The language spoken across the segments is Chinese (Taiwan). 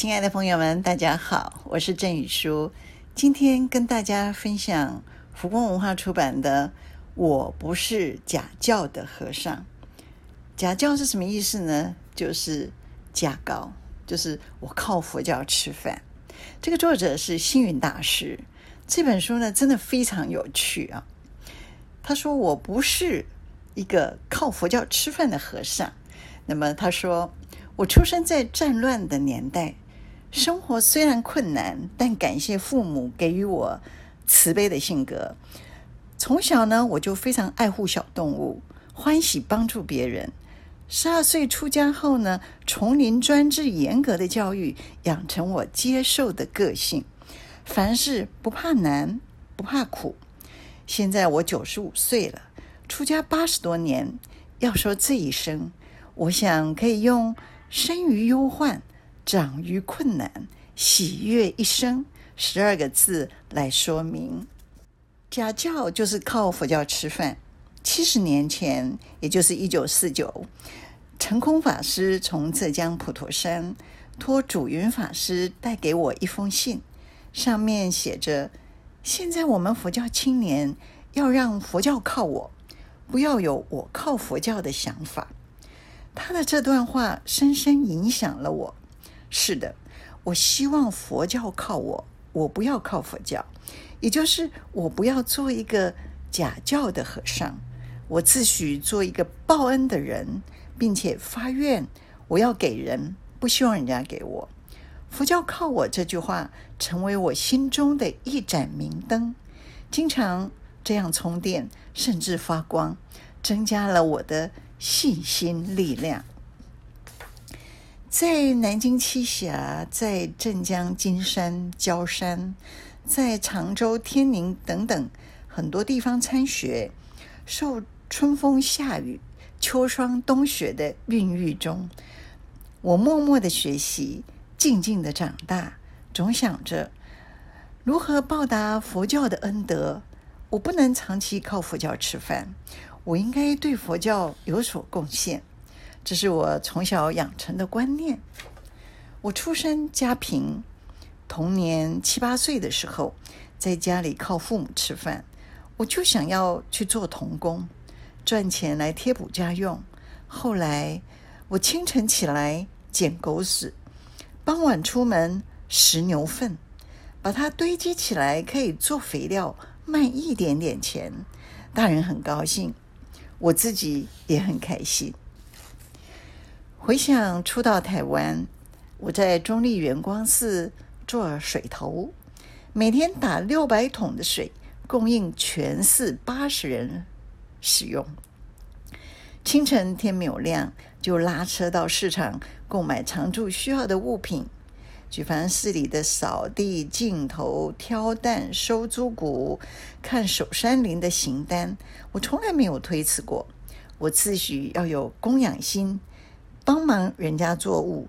親愛的朋友們，大家好，我是鄭羽書。今天跟大家分享佛光文化出版的《我不是呷教的和尚》。呷教是什麼意思呢？就是呷教，就是我靠佛教吃飯。這個作者是星雲大師。這本書呢，真的非常有趣啊。他說我不是一個靠佛教吃飯的和尚。那麼他說我出生在戰亂的年代。生活雖然困難，但感謝父母給予我慈悲的性格。從小呢，我就非常愛護小動物，歡喜幫助別人。十二歲出家後呢，叢林專制嚴格的教育，養成我接受的個性。凡事不怕難，不怕苦。現在我九十五歲了，出家八十多年，要說這一生，我想可以用生於憂患。長於困難，喜悅一生，十二個字來說明。呷教就是靠佛教吃飯。七十年前，也就是一九四九，成空法師從浙江普陀山托煮雲法師帶給我一封信，上面寫着：“現在我們佛教青年要讓佛教靠我，不要有我靠佛教的想法。”他的這段話深深影響了我。是的，我希望佛教靠我，我不要靠佛教，也就是我不要做一個呷教的和尚，我自詡做一個報恩的人，並且發願，我要給人，不希望人家給我。佛教靠我這句話，成為我心中的一盞明燈，經常這樣充電，甚至發光，增加了我的信心力量。在南京棲霞，在鎮江金山、焦山，在常州天寧等等很多地方參學，受春風、夏雨、秋霜、冬雪的孕育中，我默默的學習，靜靜的長大，總想着如何報答佛教的恩德。我不能長期靠佛教吃飯，我應該對佛教有所貢獻。這是我從小養成的觀念。我出身家貧，童年七八歲的時候，在家裡靠父母吃飯，我就想要去做童工，賺錢來貼補家用。後來我清晨起來撿狗屎，傍晚出門拾牛糞，把它堆積起來可以做肥料，賣一點點錢。大人很高興，我自己也很開心。回想初到台灣，我在中壢圓光寺做水頭，每天打六百桶的水，供應全寺八十人使用。清晨天沒有亮，就拉車到市場購買常住需要的物品。舉凡寺裡的掃地、鏡頭、挑擔、收租穀、看守山林的行單，我從來沒有推辭過。我自詡要有供養心。幫忙人家做物，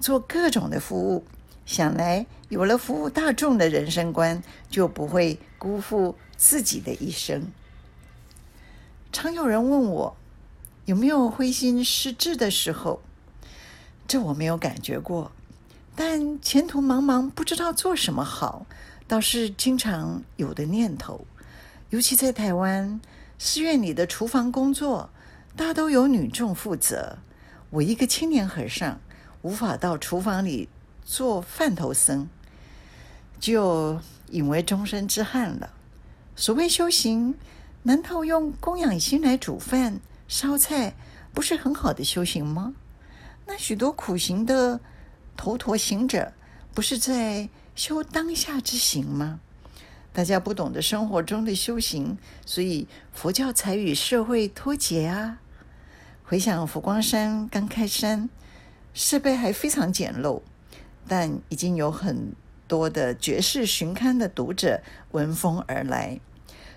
做各種的服務，想來有了服務大眾的人生觀，就不會辜負自己的一生。常有人問我有沒有灰心失志的時候，這我沒有感覺過，但前途茫茫，不知道做什麼好，倒是經常有的念頭。尤其在台灣寺院裡的廚房工作，大都由女眾負責。我一個青年和尚，無法到廚房裡做飯頭僧，就引為終身之憾了。所謂修行，難道用供養心來煮飯、燒菜，不是很好的修行嗎？那許多苦行的頭陀，陀行者，不是在修當下之行嗎？大家不懂得生活中的修行，所以佛教才與社會脫節啊。回想佛光山剛開山，設備還非常簡陋，但已經有很多的《覺世旬刊》的讀者聞風而來，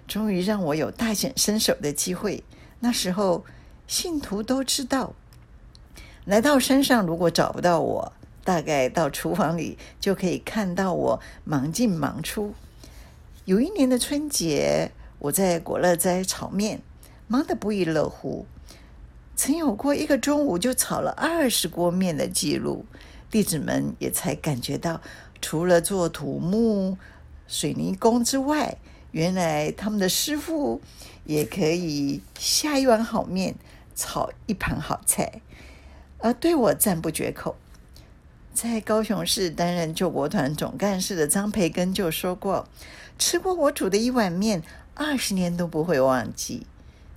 終於讓我有大顯身手的機會。那時候信徒都知道，來到山上如果找不到我，大概到廚房裡就可以看到我忙進忙出。有一年的春節，我在果樂齋炒麵，忙得不亦樂乎。曾有過一個中午就炒了二十鍋麵的記錄，弟子們也才感覺到，除了做土木、水泥工之外，原來他們的師父也可以下一碗好麵，炒一盤好菜，而對我讚不絕口。在高雄市擔任救國團總幹事的張培根就說過：“吃過我煮的一碗麵，二十年都不會忘記。”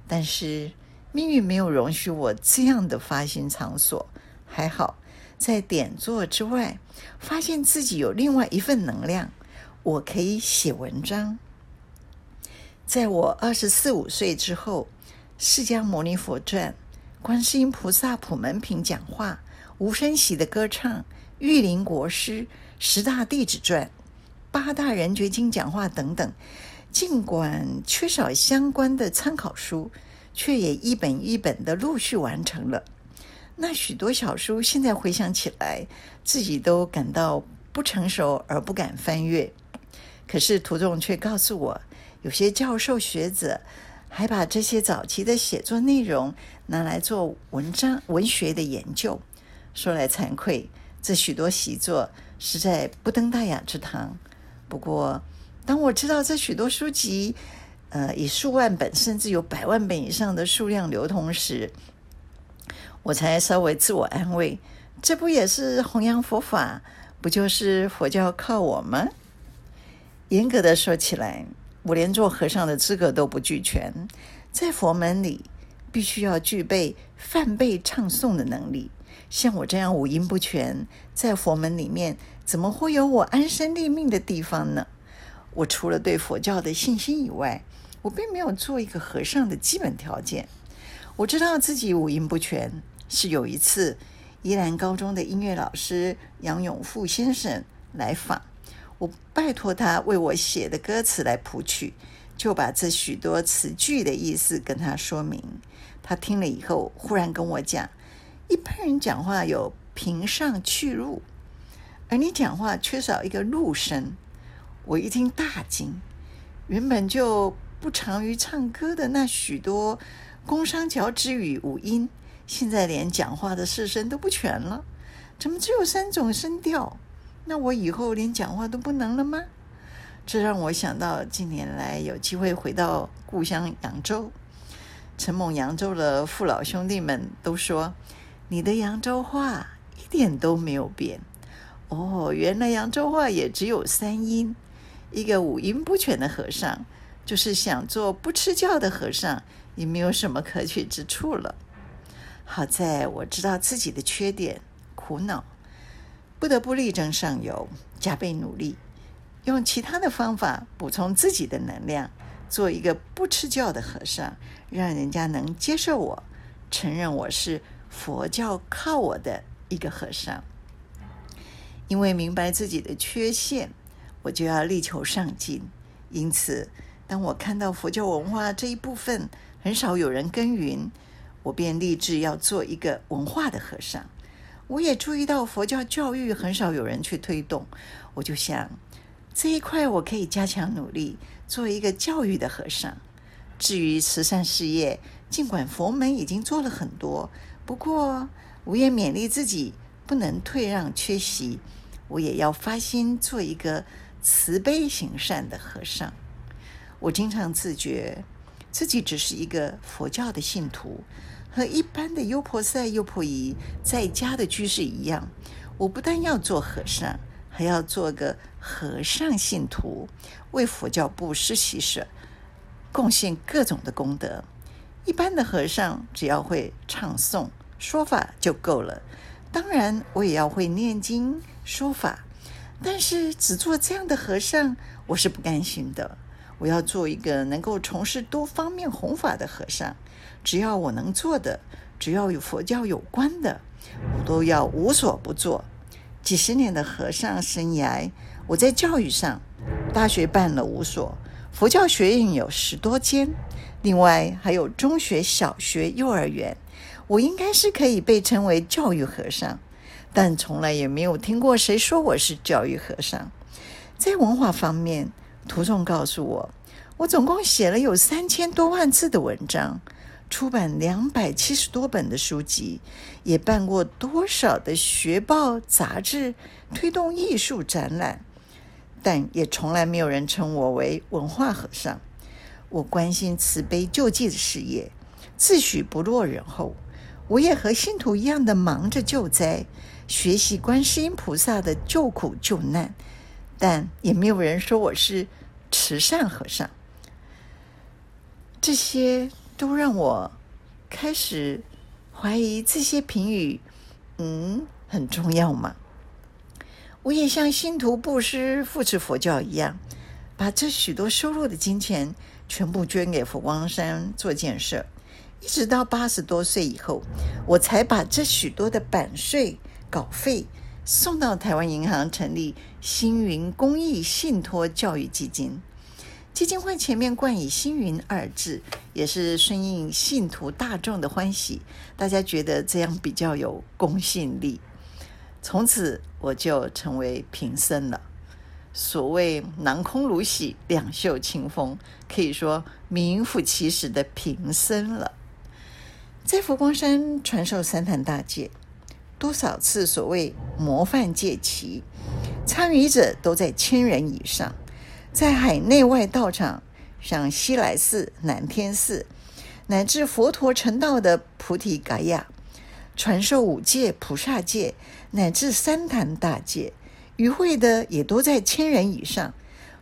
但是，命運沒有容許我這樣的發心場所，還好在典座之外，發現自己有另外一份能量，我可以寫文章。在我二十四五歲之後，《釋迦牟尼佛傳》《觀世音菩薩普門品》講話，《無聲息的歌唱》《玉林國師十大弟子傳》《八大人覺經》講話等等，儘管缺少相關的參考書，卻也一本一本的陸續完成了。那許多小書，現在回想起來，自己都感到不成熟而不敢翻閱。可是徒眾卻告訴我，有些教授學者還把這些早期的寫作內容拿來做文章文學的研究。說來慚愧，這許多習作實在不登大雅之堂。不過，當我知道這許多書籍，呃，以數萬本甚至有百萬本以上的數量流通時，我才稍微自我安慰。這不也是弘揚佛法？不就是佛教靠我嗎？嚴格的說起來，我連做和尚的資格都不具全。在佛門裡，必須要具備梵唄唱誦的能力。像我這樣五音不全，在佛門裡面怎麼會有我安身立命的地方呢？我除了對佛教的信心以外，我並沒有做一個和尚的基本條件。我知道自己五音不全，是有一次宜蘭高中的音樂老師楊永富先生來訪，我拜托他為我寫的歌詞來譜曲，就把這許多詞句的意思跟他說明。他聽了以後，忽然跟我講：一般人講話有平上去入，而你講話缺少一個入聲。我一聽大驚，原本就，不長於唱歌的那許多宮商角徵羽五音，現在連講話的四聲都不全了，怎麼只有三種聲調？那我以後連講話都不能了嗎？這讓我想到近年來有機會回到故鄉揚州，承蒙揚州的父老兄弟們都說，你的揚州話一點都沒有變。哦，原來揚州話也只有三音，一個五音不全的和尚，就是想做不呷教的和尚，也沒有什麼可取之處了。好在我知道自己的缺點，苦惱，不得不力爭上游，加倍努力，用其他的方法補充自己的能量，做一個不呷教的和尚，讓人家能接受我，承認我是佛教靠我的一個和尚。因為明白自己的缺陷，我就要力求上進，因此，當我看到佛教文化這一部分很少有人耕耘，我便立志要做一個文化的和尚。我也注意到佛教教育很少有人去推動，我就想這一塊我可以加強努力，做一個教育的和尚。至於慈善事業，儘管佛門已經做了很多，不過我也勉勵自己不能退讓缺席，我也要發心做一個慈悲行善的和尚。我經常自覺自己只是一個佛教的信徒，和一般的優婆塞、優婆夷在家的居士一樣。我不但要做和尚，還要做個和尚信徒，為佛教布施、施捨，貢獻各種的功德。一般的和尚只要會唱誦、說法就夠了。當然，我也要會念經、說法，但是只做這樣的和尚，我是不甘心的。我要做一個能夠從事多方面弘法的和尚，只要我能做的，只要與佛教有關的，我都要無所不做。幾十年的和尚生涯，我在教育上，大學辦了五所，佛教學院有十多間，另外還有中學、小學、幼兒園。我應該是可以被稱為教育和尚，但從來也沒有聽過誰說我是教育和尚。在文化方面。徒眾告訴我，我總共寫了有三千多萬字的文章，出版兩百七十多本的書籍，也辦過多少的學報、雜誌，推動藝術展覽，但也從來沒有人稱我為文化和尚。我關心慈悲救濟的事業，自詡不落人後，我也和信徒一樣的忙着救災，學習觀世音菩薩的救苦救難。但也沒有人說我是慈善和尚，這些都讓我開始懷疑這些評語，嗯，很重要嗎？我也像信徒布施扶持佛教一樣，把這許多收入的金錢全部捐給佛光山做建設，一直到八十多歲以後，我才把這許多的版稅稿費，送到台灣銀行成立星雲公益信托教育基金，基金會前面冠以“星雲”二字，也是順應信徒大眾的歡喜，大家覺得這樣比較有公信力。從此我就成為貧僧了，所謂“囊空如洗，兩袖清風”，可以說名副其實的貧僧了。在佛光山傳授三壇大戒。多少次所謂模範戒期，參與者都在千人以上。在海內外道場，像西來寺、南天寺，乃至佛陀成道的菩提伽亞，傳授五戒、菩薩戒，乃至三壇大戒，與會的也都在千人以上。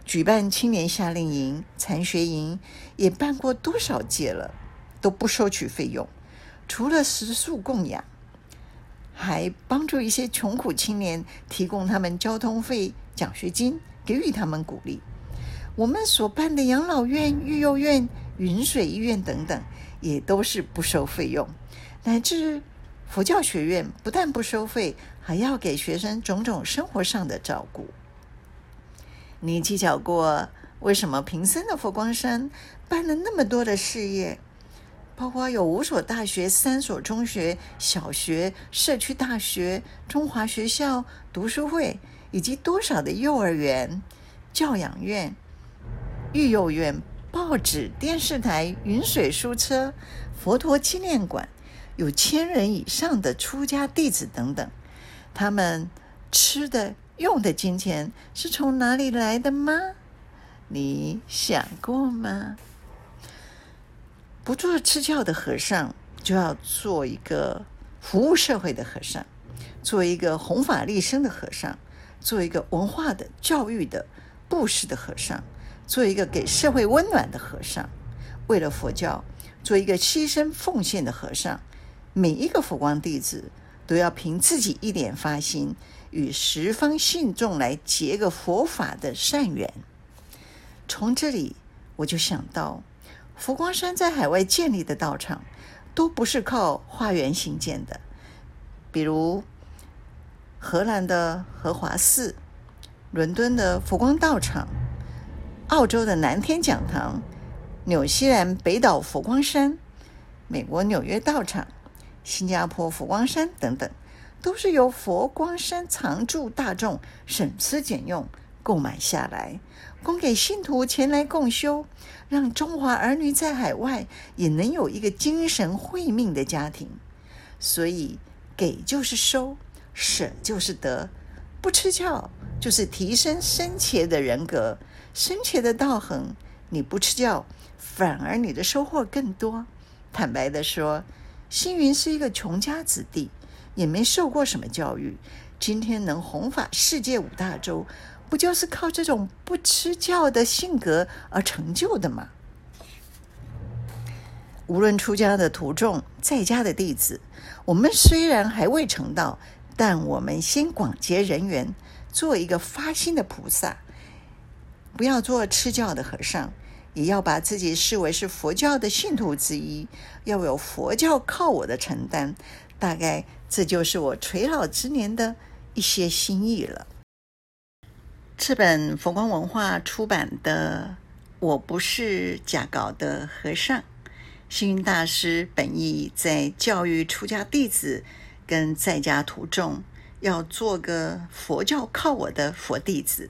舉辦青年夏令營、禪學營，也辦過多少屆了，都不收取費用，除了食宿供養。還幫助一些窮苦青年，提供他們交通費、獎學金，給予他們鼓勵。我們所辦的養老院、育幼院、雲水醫院等等，也都是不收費用，乃至佛教學院不但不收費，還要給學生種種生活上的照顧。你計較過為什麼貧僧的佛光山辦了那麼多的事業？花花有五所大學、三所中學、小學、社區大學、中華學校、讀書會，以及多少的幼兒園、教養院、育幼院、報紙、電視台、雲水書車、佛陀紀念館，有千人以上的出家弟子等等。他們吃的、用的金錢是從哪裡來的嗎？你想過嗎？不做呷教的和尚，就要做一個服務社會的和尚，做一個弘法利生的和尚，做一個文化的、教育的、布施的和尚，做一個給社會溫暖的和尚，為了佛教，做一個犧牲奉獻的和尚。每一個佛光弟子都要憑自己一點發心，與十方信眾來結個佛法的善緣。從這裡，我就想到。佛光山在海外建立的道場，都不是靠化緣興建的。比如，荷蘭的荷華寺、倫敦的佛光道場、澳洲的南天講堂、紐西蘭北島佛光山、美國紐約道場、新加坡佛光山等等，都是由佛光山常住大眾省吃儉用。購買下來，供給信徒前來共修，讓中華兒女在海外也能有一個精神慧命的家庭。所以，給就是收，捨就是得。不呷教就是提升生前的人格、深切的道行。你不呷教，反而你的收穫更多。坦白地說，星雲是一個窮家子弟，也沒受過什麼教育。今天能弘法世界五大洲。不就是靠這種不吃教的性格而成就的嗎？無論出家的徒眾，在家的弟子，我們雖然還未成道，但我們先廣結人緣，做一個發心的菩薩，不要做吃教的和尚，也要把自己視為是佛教的信徒之一，要有佛教靠我的承擔。大概這就是我垂老之年的一些心意了。這本佛光文化出版的《我不是「呷教」的和尚》，星雲大師本意在教育出家弟子跟在家徒眾要做個佛教靠我的佛弟子。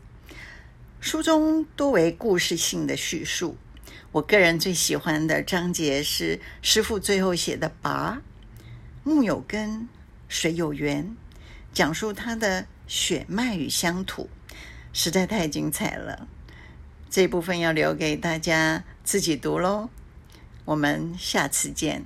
書中多為故事性的敘述。我個人最喜歡的章節是師父最後寫的“跋木有根，水有源”，講述他的血脈與鄉土。實在太精彩了，這部分要留給大家自己讀嘍。我們下次見。